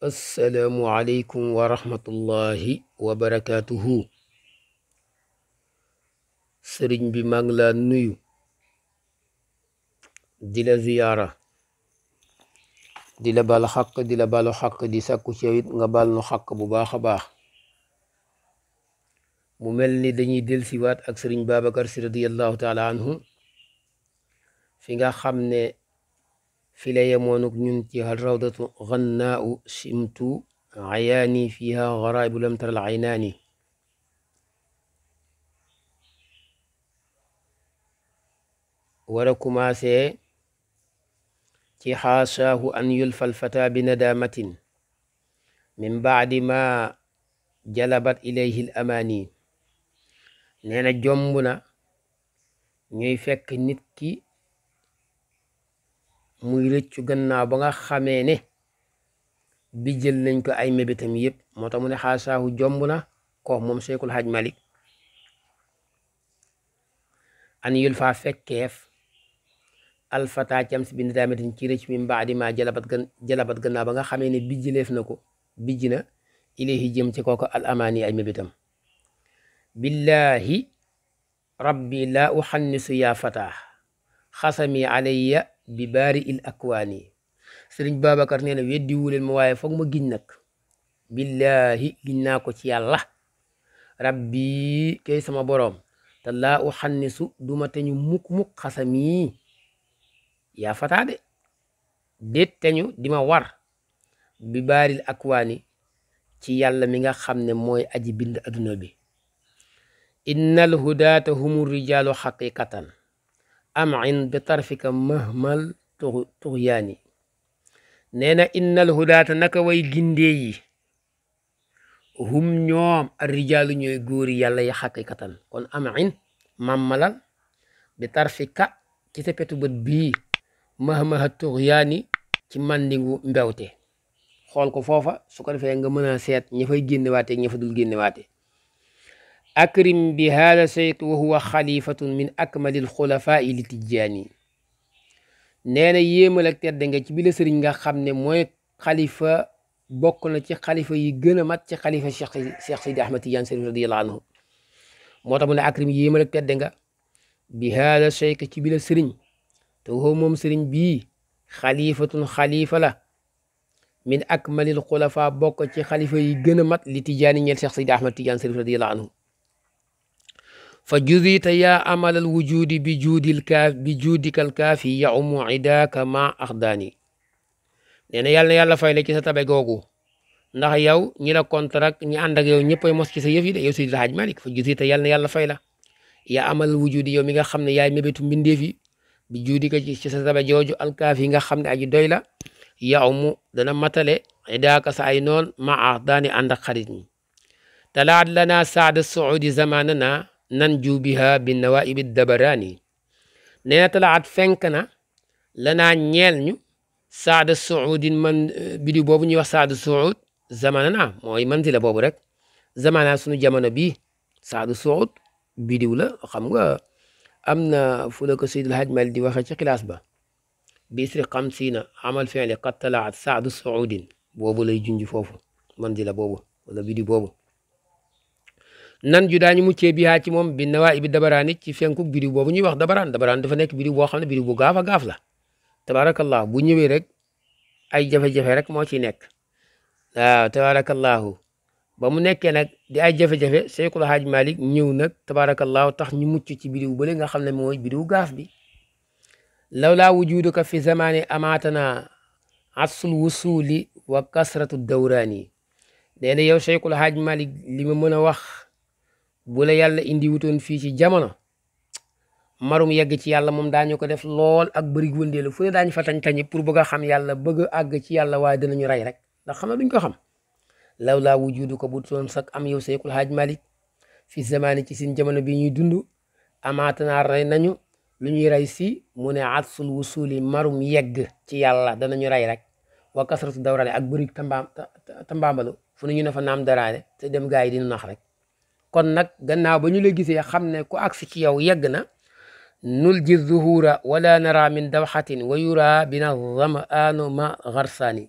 asalaamualeykum wa rahmatullahi wa barakaatuhu sëriñ bi maa ngi laa nuyu di la ziyaara di la baal xaq di la baalu di sàkku ci it nga baal nu xaq bu baax a baax mu mel ni dañuy delsiwaat ak sëriñ Babacar si radiallahu taala anhu fi nga xam ne fi la yemoonuk ñun ci rawdatu xannaau simtu ayaani fiha garaabu lam taral aynaani wara kumaase ci xaasaahu an yulfa alfata bi nadamatin min baadi ma jalabat ilayhi l amaani nee ñuy fekk nit muy rëccu gannaaw ba nga xamee ne bi jël nañ ko ay mébétam yëpp moo tax mu ne xaasaahu jomb na ko moom Seexul Xaj Malik an yul faa fekkeef alfata cam si bind daametin ci rëcc mi mbaadi maa jalabat gan ba nga xamee ne bijjileef na ko bijj na ilayhi jëm ci kooko al amaani ay mébétam billaahi rabbi laa uxannisu yaa fata xasami alayya bi baari il akwaan yi sëriñ Babacar weddi wuleen ma waaye foog ma giñ nag billahi naa ko ci yàlla rabbi kay sama boroom te laa u xannisu duma teñu mukk-mukk xasami yaa fataa de déet dima war bi baaril akwaani ci yàlla mi nga xam ne mooy aji bind adduna bi innal hudaata humu rijaalu xaqiqatan amin bi tarfika mahmal tuxyaani nee na innal hudaata naka way gindee yi hum ñoom arrijaalu ñooy góori yàlla ya xaqiqatan kon amin mammalal bi tarfika ci sa petu bët bii mahmaha tuxyaani ci mandingu mbewte xool ko foofa su ko defee nga mën a seet ña fay génnewaate ña fa dul génnewaate akrim bi hada sayt wa huwa xalifatun min akmalil xulafaa'i li tijjaani nee na yéemal ak nga ci bi sëriñ nga xam ne mooy xalifa bokk na ci xalifa yi gën a mat ci xalifa cheikh cheikh sidi ahmad tijaan sëriñ radiyallahu anhu moo tax mu ne akrim yéemal ak tedd nga bi hada sayt ci bi la sëriñ te woo moom sëriñ bii xalifatun xalifa la min akmalil xulafa bokk ci xalifa yi gën a mat li tijjaani ñeel cheikh sidi ahmad tijaan sëriñ radiyallahu anhu fa judita yaa amalal wujudi bi juudil kaaf bi juudikal kaafi yaumu idaaka ma axdaani nee na yàlla na yàlla fay la ci sa tabe googu ndax yow ñi la contract ñi ànd ak yow ñëppay mos ci sa yëf yi de yow Seydi fa judita yàlla na yàlla fay ya amal amalal wujudi yow mi nga xam ne yaay mébétu mbindeef yi bi ka ci sa tabe jooju alkaaf yi nga xam ne aji doy la yaumu dana matale idaaka sa ay noon ma axdaani ànd ak xarit ñi talaat lana saada suudi zamanana nanju biha bi nawaibi dabaraani nee na talaat fenk na lanaa ñeel ñu saada suudin man biddiw boobu ñuy wax saada suud zamana na mooy manzila boobu rek zamana suñu jamono bii saada suud biddiw la xam nga am na fu la ko Seydil Hajj Malick di waxee ci classe ba bisri xamsiina amal fi'li qad talaat saada suudin boobu lay junj foofu manzila boobu wala biddiw boobu nan ju daañu muccee bi haa ci moom bi nawaa ibi dabaraani ci fenkuk bidiw boobu ñuy wax dabaraan dabaraan dafa nekk bidiw boo xam ne bidiw bu gaaf a gaaf la tabaarakallahu bu ñëwee rek ay jafe-jafe rek moo ciy nekk waaw tabaarakallahu ba mu nekkee nag di ay jafe-jafe Seykul Haaj Malik ñëw nag tabaarakallahu tax ñu mucc ci bidiw bële nga xam ne mooy bidiw gaaf bi lawlaa wujuduka fi zamaani amaatana asul wusuli wa kasratu dawraani nee na yow Seykul Haaj Malik li ma mën a wax bu la yàlla indi wutoon fii ci jamono marum yegg ci yàlla moom daañu ko def lool ak bërig wëndeelu fu ne daañu fa tañ-tañi pour bëgg a xam yàlla bëgg a àgg ci yàlla waaye dinañu rey rek ndax xam na duñ ko xam law laa wujudu ko bu toon sak am yow Seexul Malik fi zamaani ci seen jamono bi ñuy dund amaatanaar rey nañu lu ñuy rey si mu ne atsul wusuli marum yegg ci yàlla danañu rey rek wa kasratu ak bërig tambaam tambaambalu ñu ne naam daraane te dem gaa yi dina nax rek kon nag gannaaw ba ñu la gisee xam ne ko agsi ci yow yegg na nulji zuhura wala nara min xatin wa yura bina zamaanu ma xarsaani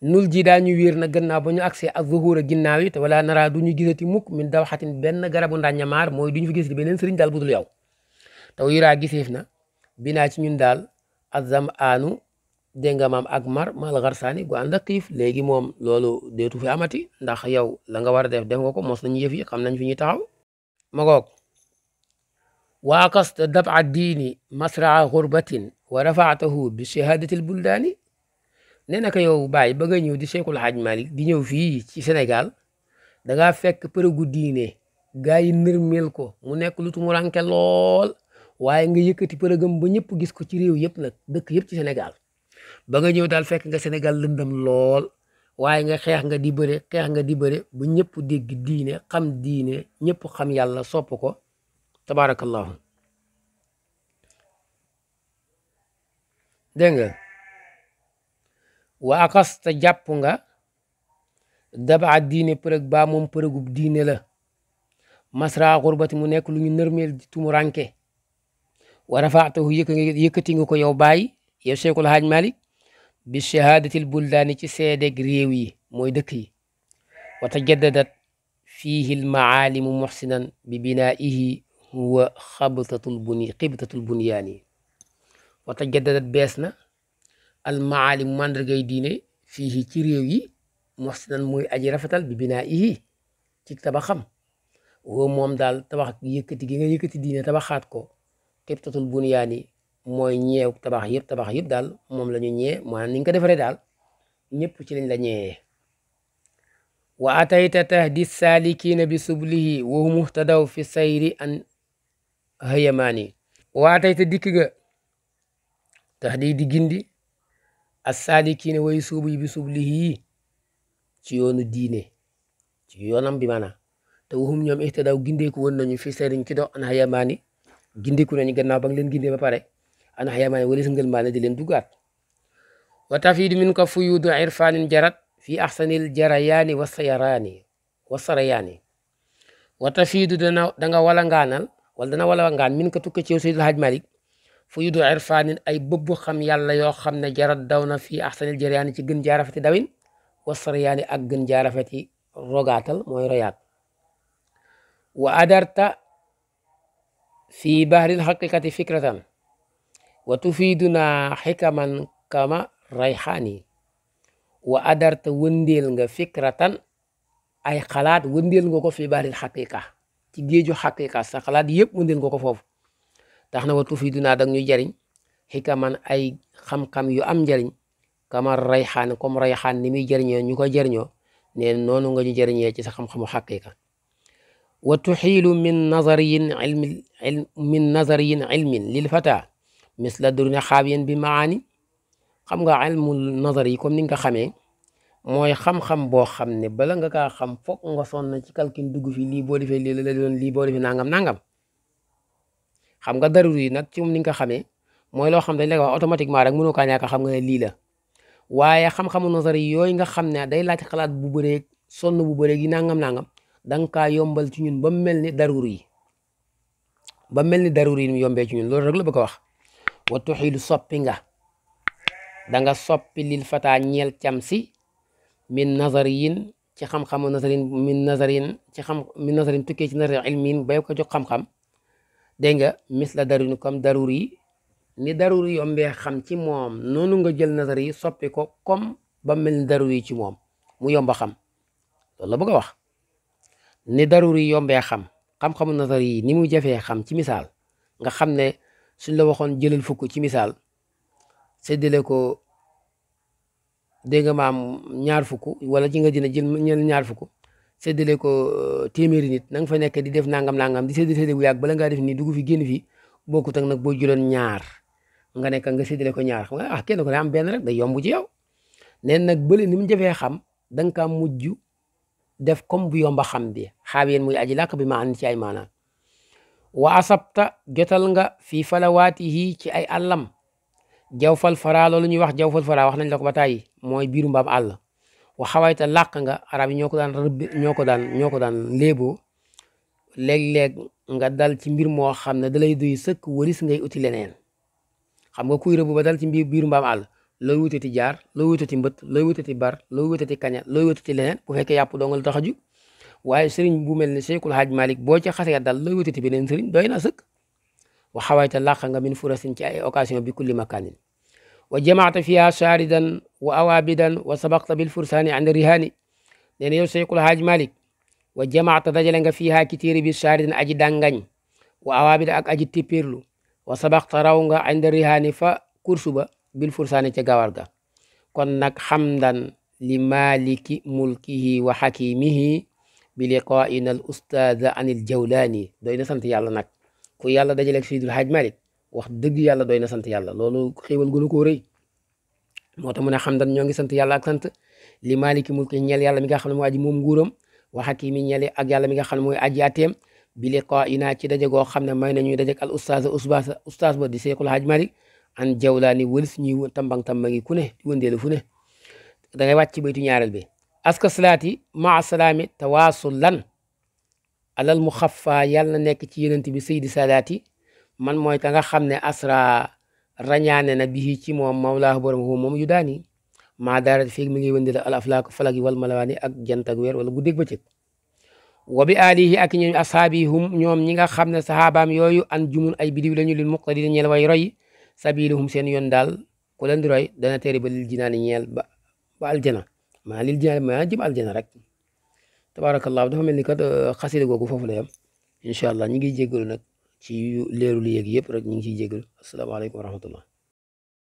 nul ji daa ñu wéer na gannaaw ba ñu agsee ak zuhura ginnaaw it wala nara du ñu gisati mukk min dawxatin benn garabu ndàññamaar mooy du ñu fi gisati beneen sëriñ daal budul yow taw yuraa giseef na binaa ci ñun daal azam aanu dégg nga maam ak mar mal gu ànd ak xiif léegi moom loolu deetu fi amati ndax yow la nga war a def def nga ko mos nañu yëf yi xam nañ fi ñuy taxaw magoog waaqasta daba diini masraa xurbatin wa rafaatahu bi shahadatil buldaani nee na ko yow ba nga ñëw di Cheikhul Hadj Malick di ñëw fii ci senegal da fekk përëgu diine gaa yi mil ko mu nekk lu tumuranke lool waaye nga yëkkati përëgam ba ñëpp gis ko ci réew yëpp nag dëkk yëpp ci senegal ba nga ñëw daal fekk nga Sénégal lëndëm lool waaye nga xeex nga di bëre xeex nga di bëre bu ñëpp dégg diine xam diine ñëpp xam yàlla sopp ko tabaarakallaahu dégg nga wa axasta jàpp nga daba diine përëg baa moom përëgub diine la masra xurbati mu nekk lu ñu nërmeel di tumuranke wa rafaatahu yëkkati nga ko yow bàyyi yow Cheikhul Hadj Malick bi shahaadatil buldaani ci seedeeg réew yi mooy dëkk yi wa tajaddadat fiihi lmacaalimu muxsinan bi binaa'ihi huwa xabtatul buni xibtatul bunyaani wa tajaddadat bees na almacaalimu màndargay diine fiihi ci réew yi muxsinan mooy aji rafetal bi binaa'ihi ci tabaxam woo moom daal tabax yëkkati gi nga yëkkati diine tabaxaat ko xibtatul bunyaani mooy ñeew tabax yëpp tabax yëpp daal moom la ñu ñee maanaam ni ñu ko defaree daal ñëpp ci lañ la ñeeyee wa atayta tahdi saalikiina bi sublihi wa hum daw fi sayri an hayamaani wa atayta dikk ga tahdi di gindi as saalikiina way suubu bi sublihi ci yoonu diine ci yoonam bi maanaam te waxum ñoom ihtadaw gindeeku woon nañu fi sayriñ ci dox an hayamaani gindeeku nañu gannaaw ba nga leen gindee ba pare an xayamaane wala si ngëlmaane di leen wa tafiidu min ko fuyuudu irfaanin fi axsanil jarayaani wa sayaraani wa sarayaani wa tafiidu dana danga wala ngaanal wala dana wala ngaan min tukka ci yow Seydil Haj Malik fuyuudu irfaanin ay bëbbu xam yàlla yoo xam ne jarat daw na fii axsanil jarayaani ci gën jaarafati dawin wa sarayaani ak gën jaarafati rogaatal mooy royaat wa adarta fi bahril xaqiqati fikratan wa tufiduna xikaman kama rayxaani wa adarta wëndeel nga fikratan ay xalaat wëndeel nga ko fi baril xaqiqa ci géeju xaqiqa sa xalaat yëpp wëndeel nga ko foofu tax na wa tufiduna dag ñu jariñ xikaman ay xam-xam yu am njariñ kama rayxaani comme rayxaan ni muy jariñoo ñu ko jariñoo nee noonu nga ñu jariñee ci sa xam-xamu xaqiqa wa tuxiilu min nazariyin ilmin min nazariyin ilmin misla duruña xaabiyan bi maani xam nga ilmu nazar yi comme ni nga xamee mooy xam-xam boo xam ne bala nga ka xam foog nga sonn ci calcul dugg fi lii boo defee lii la doon lii boo defee nangam nangam xam nga daruri yi nag ci moom ni nga xamee mooy loo xam dañ lay wax automatiquement rek mënoo kaa ñàkk xam nga lii la waaye xam-xamu nazar yi yooyu nga xam ne day laaj xalaat bu bëreeg sonn bu bëreeg yi nangam nangam da nga kaa yombal ci ñun ba mel ni dar yi ba mel ni daruri yi yombee ci ñun loolu rek la bëgg a wax. wa tuxilu soppi nga da nga soppi lil fataa ñeel cam si min nazariyin ci xam-xamu nazarin min nazarin ci xam min nazarin tukkee ci nazarin ilmin bay ko jox xam-xam dégg nga mis la darurin comme ni darur yombee xam ci moom noonu nga jël nazar yi soppi ko comme ba mel ni darur yi ci moom mu yomba xam loolu la bëgg a wax ni darur yombee xam xam-xamu nazar ni mu jafee xam ci misaal nga xam ne suñ la waxoon jëlal fukk ci misaal séddale ko dégg nga maam ñaar fukk wala ci nga dina jël ñen ñaar fukk séddale ko euh, téeméeri nit na fa nekke di def nangam nangam di séddale séddale bu yàgg bala ngaa def nii dugg fi génn fi bokkut ak nag boo jëloon ñaar nga nekk nga séddale ko ñaar xam nga ah kenn ko day am benn rek day yomb ci yow. neen nag bële ni mu jafee xam da nga kaa mujj def comme bu yomba xam bi xaar yéen muy aji làkk bi ma ànd ci ay maanaam. wa asabta jotal nga fii falawaatihi ci ay àllam jawfal fara loolu ñuy wax jawfal fara wax nañ la ba tàyyi mooy biiru mbaam àll wa xawayta làq nga arab yi ñoo ko daan rëbb ñoo ko daan ñoo ko daan léeboo léeg-léeg nga dal ci mbir moo xam ne da lay doy sëkk waris ngay uti leneen xam nga kuy rëbb ba dal ci mbir biiru mbaam àll looy ti jaar looy ti mbët looy wutati bar looy wutati kaña looy wutati leneen bu fekkee yàpp doo nga la tax a jug waaye sëriñ bu mel ne Cheikhul Hadj Malick boo ci xasee dal looy wutati beneen sëriñ doy na sëkk wa xawayta làq nga min furasin ci occasion bi kulli makanin wa jamaata fiha shaaridan wa awaabidan wa sabaqta bil fursaani an rihaani nee na yow Cheikhul Hadj Malick wa jamaata dajale aji dàngañ wa awaabida ak aji tippirlu wa sabaqta raw nga an rihaani fa kursu ba bil fursaani ca gawar ga kon nag xamdan li maliki mulkihi wa xakimihi bi liqaa'ina al ustaaza anil jawlaani doy na sant yàlla nag ku yàlla dajaleeg Seydil Hadj Malick wax dëgg yàlla doy na sant yàlla loolu xéewal gënu koo rëy moo tax mu ne xamdan ñoo ngi sant yàlla ak sant li maliki mulki ñeel yàlla mi nga xam ne mooy aji moom nguuram wa hakimi ñeel ak yàlla mi nga xam ne mooy aji ateem bi liqaa'ina ci daje goo xam ne may nañuy dajeg al ustaaza usbaasa ustaaz ba di Seexul Hadj Malick an jawlaani wëlis ñuy tambang tambangi ku ne di wëndeelu fu ne da ngay ci baytu ñaareel bi aska salaati maa salaami lan alal mu xafa yàlla na nekk ci yenent bi saydi salaati man mooy ka nga xam ne asra rañaane na bii ci moom mawlaahu boromahu moom yu daani maa daara fii mi ngi wëndi la al aflaak falag yi wal malawaani ak jant ak weer wala guddeeg bëccëg wa bi aalihi ak ñoom asaabi hum ñoom ñi nga xam ne saxaabaam yooyu an jumun ay bidiw lañu ñu muqtadi ñeel way roy sabiluhum seen yoon daal ku leen di roy dana teeri ba lil jinaan maa lil jinaani maa jëm aljana rek tabaarakallaahu dafa mel ni kat euh, xasida googu foofu la yam incha allah ñu ngi jéggalu nag ci leeru li yéeg yëpp rek ñu ngi ciy jéggalu asalaamaaleykum wa rahmatullah